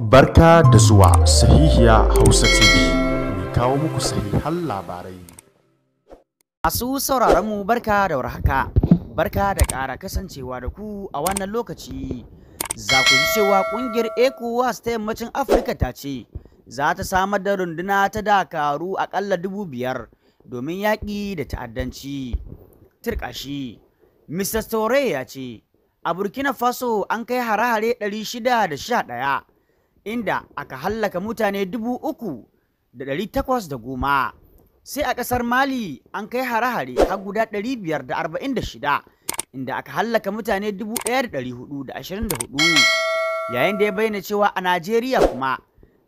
Barka da zuwa sahihiya Hausa TV, mai kawo muku sahihan labarai. Masu sauraron mu barka da warhaka, barka da ƙara kasancewa da ku a wannan lokaci. Za ku ji cewa ƙungiyar ECOWAS ta yammacin Afirka ta ce, za ta samar da runduna ta dakaru ƙalla dubu biyar domin yaƙi da ta'addanci. Turƙashi, Mr. tore ya ce, a Burkina Faso an kai hare-hare 611 inda aka hallaka mutane dubu uku da ɗari takwas da goma sai a ƙasar mali an kai hare-hare har guda ɗari biyar da arba'in da shida inda aka hallaka mutane dubu ɗaya da ɗari hudu da ashirin da hudu yayin da ya bayyana cewa a najeriya kuma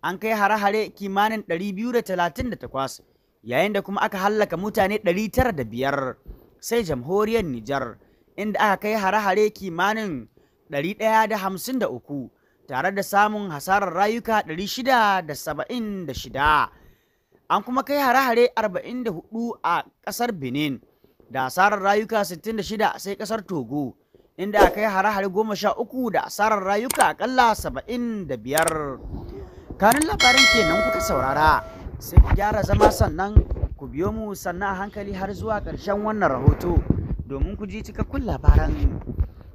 an kai hare-hare kimanin ɗari biyu da talatin da takwas yayin da kuma aka hallaka mutane ɗari tara da biyar sai jamhuriyar nijar inda aka kai hare-hare kimanin ɗari ɗaya da hamsin da uku tare da samun hasarar rayuka 676 an kuma kai hare-hare 44 a ƙasar benin da asarar rayuka 66 sai ƙasar togo inda aka yi hare-hare 13 da asarar rayuka akalla 75 kanun labarin kenan kuka saurara sai ku gyara zama sannan ku biyo mu sannan a hankali har zuwa ƙarshen wannan rahoto domin ku ji cikakkun labaran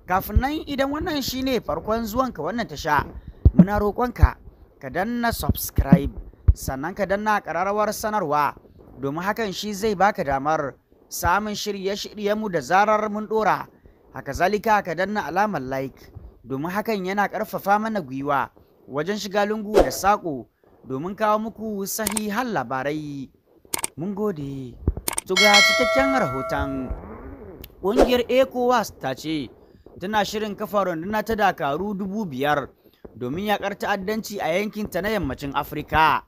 kafin nan idan wannan shine farkon zuwanka wannan tasha muna roƙonka ka danna subscribe sannan ka danna ƙararrawar sanarwa domin hakan shi zai baka damar samun shirye-shiryenmu da zarar mun ɗora haka zalika ka danna alamar like domin hakan yana ƙarfafa mana gwiwa wajen shiga lungu da saƙo domin kawo muku sahihan labarai mun gode to cikakken rahoton ƙungiyar ecowas ta ce tana shirin kafa runduna ta dakaru dubu biyar domin yakar ta'addanci a yankin ta na yammacin afirka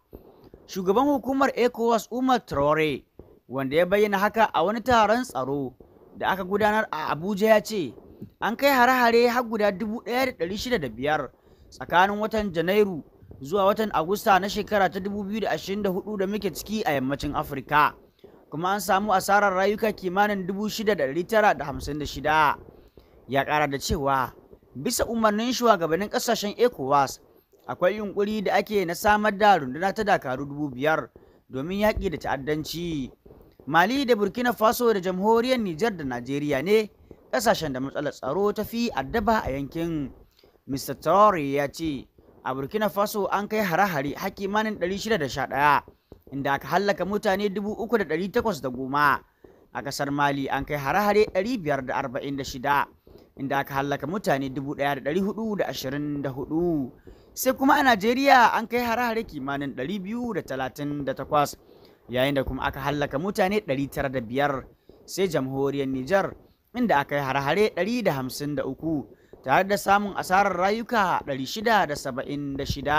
shugaban hukumar ecowas umar traore wanda ya bayyana haka a wani taron tsaro da aka gudanar a abuja ya ce an kai hare-hare har guda 1,605 tsakanin watan janairu zuwa watan agusta na shekara ta 2024 da muke ciki a yammacin afirka kuma an samu asarar rayuka kimanin 6,956 ya ƙara da cewa bisa umarnin shugabannin ƙasashen ecowas akwai yunkuri da ake na samar da runduna ta dakaru dubu biyar domin yaƙi da ta'addanci mali da burkina faso da jamhuriyar nijar da najeriya ne ƙasashen da matsalar tsaro ta fi addaba a yankin mr tori ya ce a burkina faso an kai hare-hare har kimanin 611 inda aka hallaka mutane 3,810 a ƙasar mali an kai hare-hare 546 inda aka hallaka mutane 1,424 sai kuma a najeriya an kai hare-hare kimanin 238 yayin da kuma aka hallaka mutane 905 sai jamhuriyar nijar inda aka yi hare-hare 153 tare da samun asarar rayuka 676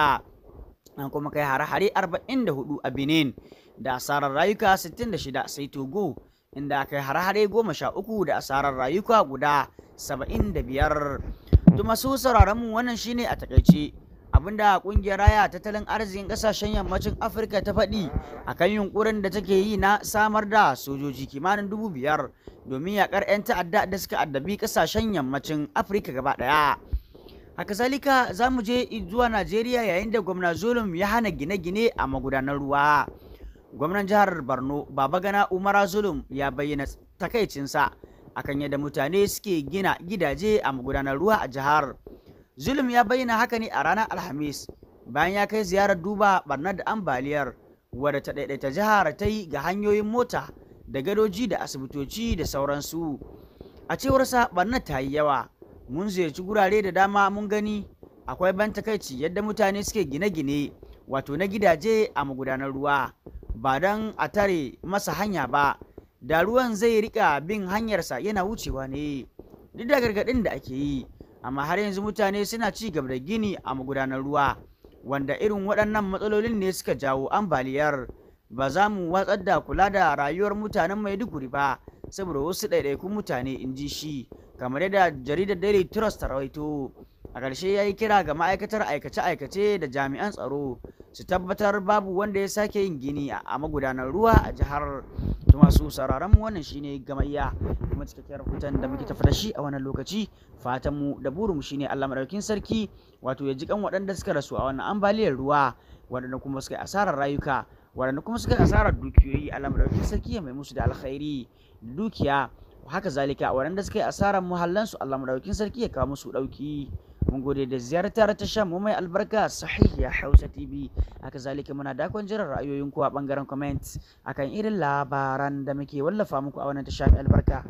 an kuma kai hare-hare 44 a benin da asarar rayuka 66 sai togo inda aka yi hare-hare 13 da asarar rayuka guda saba'in 75 to masu sauraron mu wannan shine a takaice abinda kungiyar raya tattalin arzikin kasashen yammacin afirka ta faɗi a kan yunkurin da take yi na samar da sojoji kimanin dubu biyar domin yakar 'yan ta'adda da suka addabi kasashen yammacin afirka gaba ɗaya A kasalika za mu je zuwa najeriya yayin da gwamna zulum ya hana gine-gine a magudanar ruwa gwamnan jihar borno babagana umara zulum ya bayyana takaicinsa akan yadda mutane suke gina gidaje a magudanar ruwa a jihar zulum ya bayyana haka ne a ranar alhamis bayan ya kai ziyarar duba barnar da ambaliyar wadda ta ɗaiɗaita jihar ta yi ga hanyoyin mota da gadoji da asibitoci da sauransu a cewar sa barnar ta yi yawa mun ziyarci gurare da dama mun gani akwai ban takaici yadda mutane suke gine-gine wato na gidaje a magudanar ruwa ba don a tare masa hanya ba da ruwan zai rika bin hanyarsa yana wucewa ne duk da gargaɗin da ake yi amma har yanzu mutane suna ci gaba da gini a magudanar ruwa wanda irin waɗannan matsalolin ne suka jawo ambaliyar ba za mu watsar da kula da rayuwar mutanen maiduguri ba saboda wasu ɗaiɗaikun mutane in ji shi kamar yadda jaridar daily trust ta rawaito a ƙarshe ya yi kira ga ma'aikatar aikace-aikace da jami'an tsaro su tabbatar babu wanda ya sake yin gini a magudanar ruwa a jihar masu sauraron wannan shine gamayya kuma cikakkiyar rahoton da muke tafi da shi a wannan lokaci fatan mu da burin mu shine Allah madaukakin sarki wato ya ji kan waɗanda suka rasu a wannan ambaliyar ruwa waɗanda kuma suka yi asarar rayuka waɗanda kuma suka yi asarar dukiyoyi Allah madaukakin sarki ya mai musu da alkhairi dukiya haka zalika waɗanda suka yi asarar muhallansu Allah madaukin sarki ya kawo musu dauki mun gode da ziyartar tashar mu mai albarka ya Hausa TV haka zalika muna dakon jiran ra'ayoyin ku a bangaren comment akan irin labaran da muke wallafa muku a wannan tasha albarka